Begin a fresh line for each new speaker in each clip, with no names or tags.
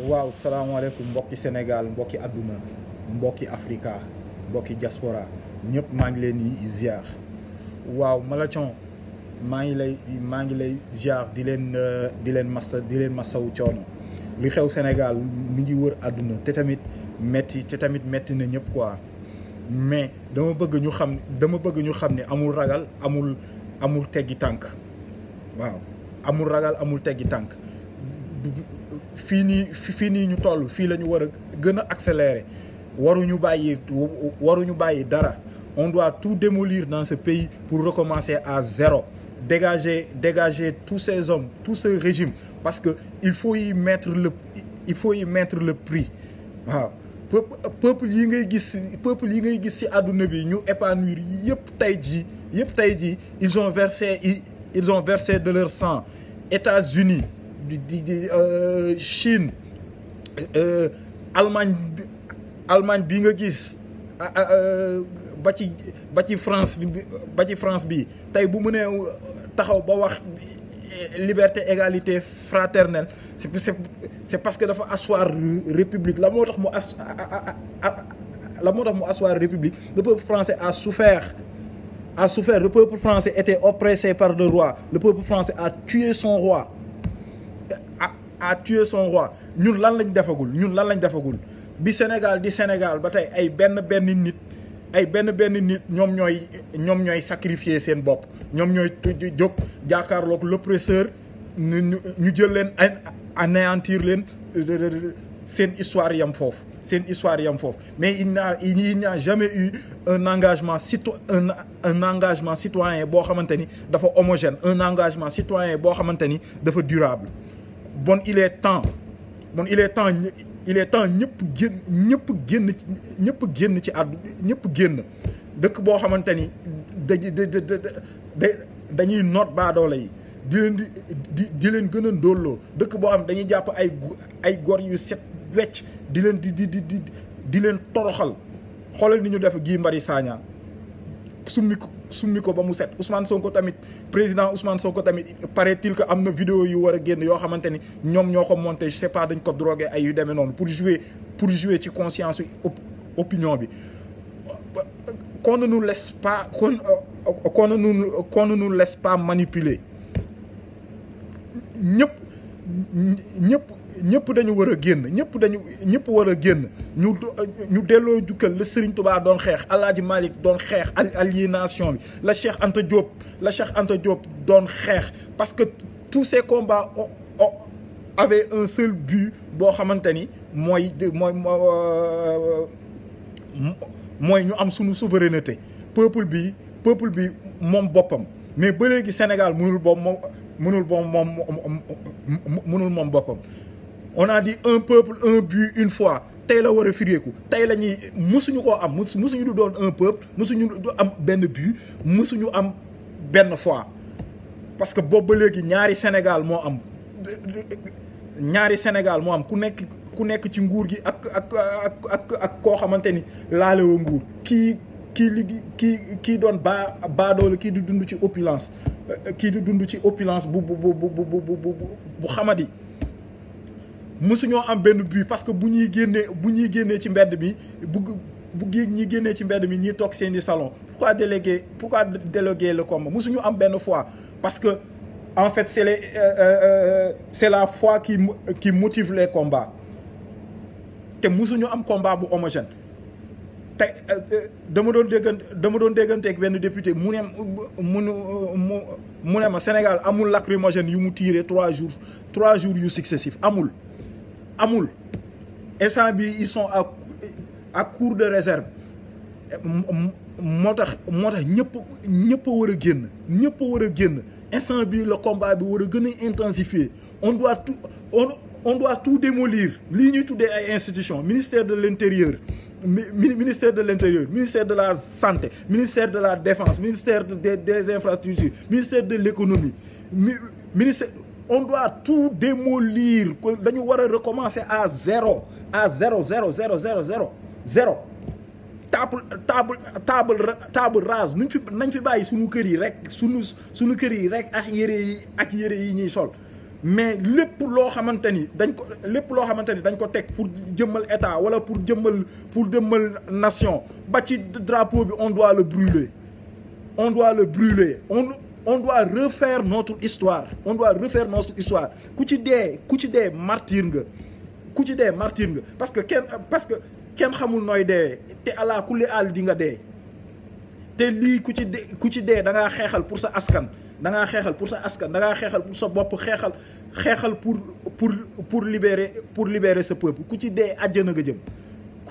waaw salaamaaleykum mbokki Sénégal mbokki àdduna mbokki Africa mbokki diaspora ñëpp maa ngi leen ziar waaw malachon, maa ngi lay ngi lay ziar di leen euh, di massa di leen massawu coono li xew Sénégal mi ngi wër àdduna te tamit metti te tamit metti na ñëpp quoi mais dama bëgg ñu xam dama bëgg ñu xam ne amul ragal amul amul teggi tànk waaw amul ragal amul teggi tànk Fini, fini fini ñu tollu fi lañu wara gëna accélérer waruñu bàyyi waruñu dara on doit tout démolir dans ce pays pour recommencer à zéro dégager dégager tous ces hommes tout ce régime parce que il faut y mettre le il faut y mettre le prix waaw peuple yi ngay gis peuple yi ngay gis ci aduna bi ñu épanouir yépp tay ji yépp tay ji ils ont versé ils ont versé de leur sang États-Unis euh, Chine Allemagne euh, Allemagne bi France bati ah, ah, euh, France bi liberté égalité fraternelle c'est parce que dafa asseoir république la motax mo la république le peuple français a souffert a souffert le peuple français était oppressé par le roi le peuple français a tué son roi a tué son roi ñun lan lañ defagul ñun lan lañ defagul bi Sénégal di Sénégal batay ay ben benn nit ay benn benn nit ñom ñoy ñom ñoy sacrifier l'oppresseur ñu jël anéantir len sen histoire yam histoire yam mais il n'a il n'y a jamais eu un engagement citoyen un engagement citoyen bo dafa homogène un engagement citoyen bo dafa durable bon il est temps bon il est temps il est temps ñep génn génn est génn ci est ñep génn est temps, il dañuy temps, il est di di di leen dañuy ay ay yu set di ni ñu def Soumiko ko ba Ousmane Sonko tamit président Ousmane Sonko tamit paraît-il que amne vidéo yu wara guen yo xamanteni ñom ñoko monter je sais pas dañ ko drogué ay yu demee non pour jouer pour jouer ci conscience op opinion bi qu'on ne nous laisse pas qu'on qu'on ne nous qu'on ne nous laisse pas manipuler ñep ñep ñëpp dañu war a génn ñëpp dañu ñëpp war a génn ñu ñu delloo jukkal la Serigne Touba doon xeex El Malick doon xeex aliénation bi la Cheikh Anta Diop la Cheikh Anta Diop doon xeex parce que tous ces combats o avaient un seul but boo xamante ni mooy mooy mooy ñu am suñu souveraineté peuple bi peuple bi moom boppam mais ba léegi Sénégal mënul boobu moom mënul moom moom mënul moom boppam on a dit un peuple un but une foi Tayla la refuse a firéeku ni la am un peuple musuñu du am benn but musuñu am benn foi parce que si ba ñaari Sénégal moo am ñaari Sénégal moi am ku nekk ku nekk ci nguur gi ak ak ak ak qui koo xamante qui donne opulence nous am benn but parce que si pourquoi déléguer pourquoi déléguer le combat Nous am benn foi parce que en fait c'est euh, euh, euh, c'est la foi qui qui motive les combats Nous avons am combat homogène dama un député au Sénégal, il trois jours trois jours successifs amul instant ils sont à à court de réserve motax motax le combat bi wara intensifier on doit tout on doit tout démolir Ligne ñuy institutions ministère de l'intérieur ministère de l'intérieur ministère de la santé ministère de la défense ministère des des infrastructures ministère de l'économie ministère on doit tout démolir que dañu war recommencer à zéro à zéro zéro zéro zéro zéro zéro table table table table rase Nous ne nañ fi bàyyi suñu kër yi rek suñu suñu kër yi rek ak yére yi ak yére yi ñuy sol mais lépp loo xamante ni dañ ko lépp loo xamante dañ ko pour jëmmal état wala pour jëmmal pour jëmmal nation ba ci drapeau bi on doit le brûler on doit le brûler on on doit refaire notre histoire on doit refaire notre histoire de, Marting, de martyr parce que parce que te ala tu es di nga te li pour sa askan da nga pour askan da pour sa bop, pour pour pour libérer pour libérer ce peuple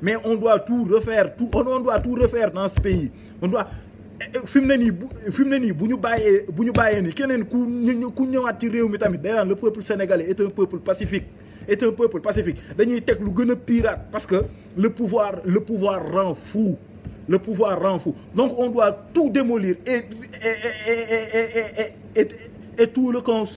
mais on doit tout refaire tout on doit tout refaire dans ce pays on doit eh, filmer ni ne ni bu fi mu ne ni bu le peuple sénégalais est un peuple pacifique est un peuple pacifique dañuy que lu gën pirate parce que le pouvoir le pouvoir rend fou le pouvoir rend fou donc on doit tout démolir et et et et et et tout le